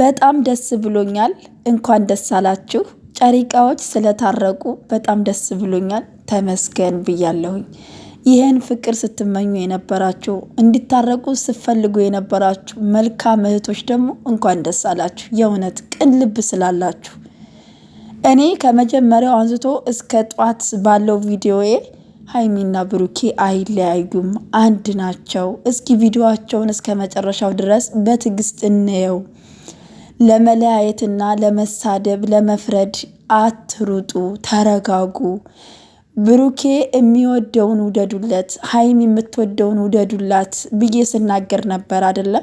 በጣም ደስ ብሎኛል። እንኳን ደስ አላችሁ ጨሪቃዎች ስለታረቁ በጣም ደስ ብሎኛል። ተመስገን ብያለሁኝ። ይህን ፍቅር ስትመኙ የነበራችሁ እንዲታረቁ ስትፈልጉ የነበራችሁ መልካም እህቶች ደግሞ እንኳን ደስ አላችሁ። የእውነት ቅን ልብ ስላላችሁ እኔ ከመጀመሪያው አንስቶ እስከ ጧት ባለው ቪዲዮዬ ሀይሚና ብሩኬ አይለያዩም፣ አንድ ናቸው። እስኪ ቪዲዮቸውን እስከ መጨረሻው ድረስ በትዕግስት እንየው። ለመለያየትና ለመሳደብ ለመፍረድ አትሩጡ፣ ተረጋጉ። ብሩኬ የሚወደውን ውደዱለት፣ ሀይሚ የምትወደውን ውደዱላት ብዬ ስናገር ነበር አደለ?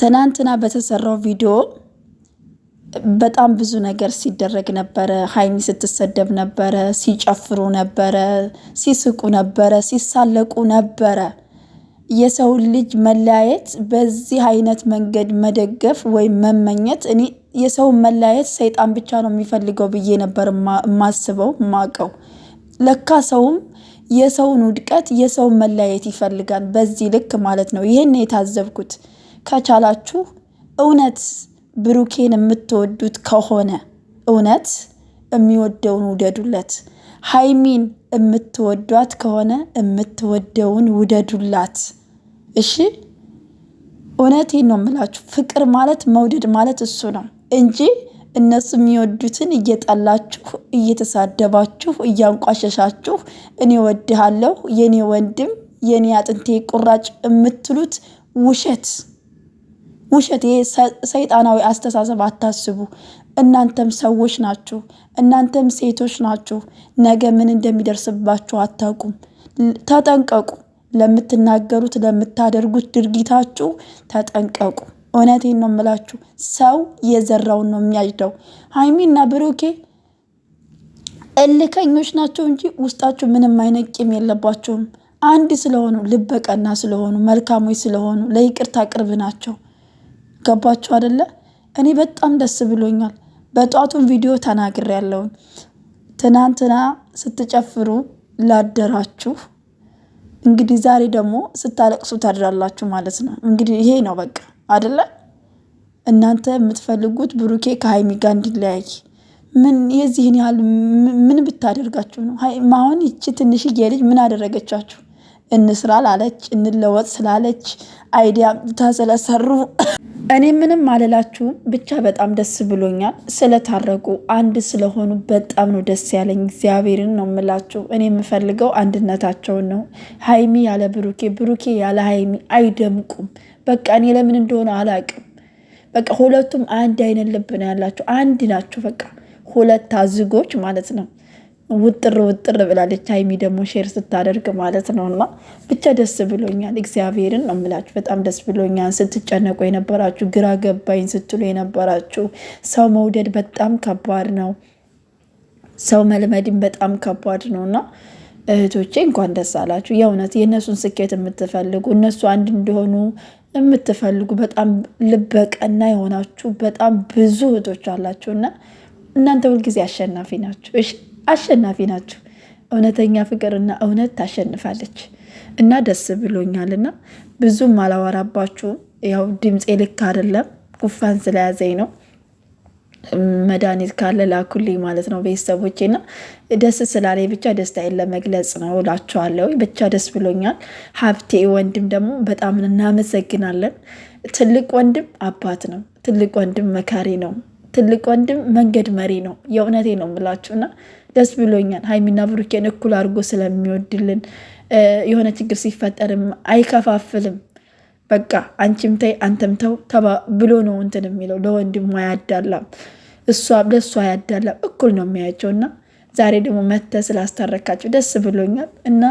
ትናንትና በተሰራው ቪዲዮ በጣም ብዙ ነገር ሲደረግ ነበረ። ሀይሚ ስትሰደብ ነበረ፣ ሲጨፍሩ ነበረ፣ ሲስቁ ነበረ፣ ሲሳለቁ ነበረ። የሰውን ልጅ መለያየት በዚህ አይነት መንገድ መደገፍ ወይም መመኘት እኔ የሰውን መለያየት ሰይጣን ብቻ ነው የሚፈልገው ብዬ ነበር ማስበው ማቀው። ለካ ሰውም የሰውን ውድቀት የሰውን መለያየት ይፈልጋል በዚህ ልክ ማለት ነው። ይህን የታዘብኩት ከቻላችሁ እውነት ብሩኬን የምትወዱት ከሆነ እውነት የሚወደውን ውደዱለት። ሀይሚን የምትወዷት ከሆነ የምትወደውን ውደዱላት። እሺ እውነቴን ነው የምላችሁ። ፍቅር ማለት መውደድ ማለት እሱ ነው እንጂ እነሱ የሚወዱትን እየጠላችሁ እየተሳደባችሁ እያንቋሸሻችሁ እኔ ወድሃለሁ የኔ ወንድም የኔ አጥንቴ ቁራጭ የምትሉት ውሸት ውሸቴ ሰይጣናዊ አስተሳሰብ አታስቡ። እናንተም ሰዎች ናችሁ፣ እናንተም ሴቶች ናችሁ። ነገ ምን እንደሚደርስባችሁ አታውቁም። ተጠንቀቁ። ለምትናገሩት ለምታደርጉት ድርጊታችሁ ተጠንቀቁ። እውነቴን ነው የምላችሁ። ሰው የዘራውን ነው የሚያጭደው። ሀይሚና ብሩኬ እልከኞች ናቸው እንጂ ውስጣችሁ ምንም አይነት ቂም የለባቸውም። አንድ ስለሆኑ ልበቀና ስለሆኑ መልካሞች ስለሆኑ ለይቅርታ ቅርብ ናቸው። ገባችሁ አደለ? እኔ በጣም ደስ ብሎኛል። በጧቱን ቪዲዮ ያለውን ትናንትና ስትጨፍሩ ላደራችሁ እንግዲህ ዛሬ ደግሞ ስታለቅሱ ታድራላችሁ ማለት ነው። እንግዲህ ይሄ ነው በቃ አደለ? እናንተ የምትፈልጉት ብሩኬ ከሀይሚ ጋር እንዲለያይ ምን የዚህን ያህል ምን ብታደርጋችሁ ነው? አሁን ይቺ ትንሽዬ ልጅ ምን አደረገቻችሁ? እንስራ ላለች እንለወጥ ስላለች አይዲያ ተስለሰሩ እኔ ምንም አልላችሁም፣ ብቻ በጣም ደስ ብሎኛል። ስለታረቁ አንድ ስለሆኑ በጣም ነው ደስ ያለኝ። እግዚአብሔርን ነው የምላችሁ። እኔ የምፈልገው አንድነታቸውን ነው። ሀይሚ ያለ ብሩኬ፣ ብሩኬ ያለ ሀይሚ አይደምቁም። በቃ እኔ ለምን እንደሆነ አላቅም። በቃ ሁለቱም አንድ አይነት ልብ ነው ያላቸው፣ አንድ ናቸው። በቃ ሁለት አዝጎች ማለት ነው። ውጥር ውጥር ብላለች። ሀይሚ ደግሞ ሼር ስታደርግ ማለት ነው። እና ብቻ ደስ ብሎኛል፣ እግዚአብሔርን ነው የምላችሁ። በጣም ደስ ብሎኛል። ስትጨነቁ የነበራችሁ ግራ ገባኝ ስትሉ የነበራችሁ ሰው መውደድ በጣም ከባድ ነው፣ ሰው መልመድም በጣም ከባድ ነው እና እህቶቼ እንኳን ደስ አላችሁ። የእውነት የእነሱን ስኬት የምትፈልጉ እነሱ አንድ እንዲሆኑ የምትፈልጉ በጣም ልበቀና የሆናችሁ በጣም ብዙ እህቶች አላችሁ እና እናንተ ሁልጊዜ አሸናፊ ናችሁ። እሺ አሸናፊ ናችሁ። እውነተኛ ፍቅርና እውነት ታሸንፋለች እና ደስ ብሎኛል። እና ብዙም አላወራባችሁ ያው ድምፄ ልክ አይደለም፣ ጉፋን ስለያዘኝ ነው። መድኃኒት ካለ ላኩልኝ ማለት ነው ቤተሰቦቼ። እና ደስ ስላለ ብቻ ደስታዬን ለመግለጽ ነው እላችኋለሁ። ብቻ ደስ ብሎኛል። ሀብቴ ወንድም ደግሞ በጣም እናመሰግናለን። ትልቅ ወንድም አባት ነው። ትልቅ ወንድም መካሪ ነው። ትልቅ ወንድም መንገድ መሪ ነው። የእውነቴ ነው የምላችሁ እና ደስ ብሎኛል። ሀይሚና ብሩኬን እኩል አድርጎ ስለሚወድልን የሆነ ችግር ሲፈጠርም አይከፋፍልም። በቃ አንቺም ተይ አንተም ተው ብሎ ነው እንትን የሚለው ለወንድሙ አያዳላም፣ እሷም ለእሱ አያዳላም። እኩል ነው የሚያቸው እና ዛሬ ደግሞ መተ ስላስታረካቸው ደስ ብሎኛል እና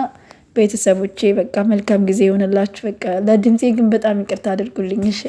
ቤተሰቦቼ በቃ መልካም ጊዜ ይሆንላችሁ። በቃ ለድምፄ ግን በጣም ይቅርታ አድርጉልኝ እሺ።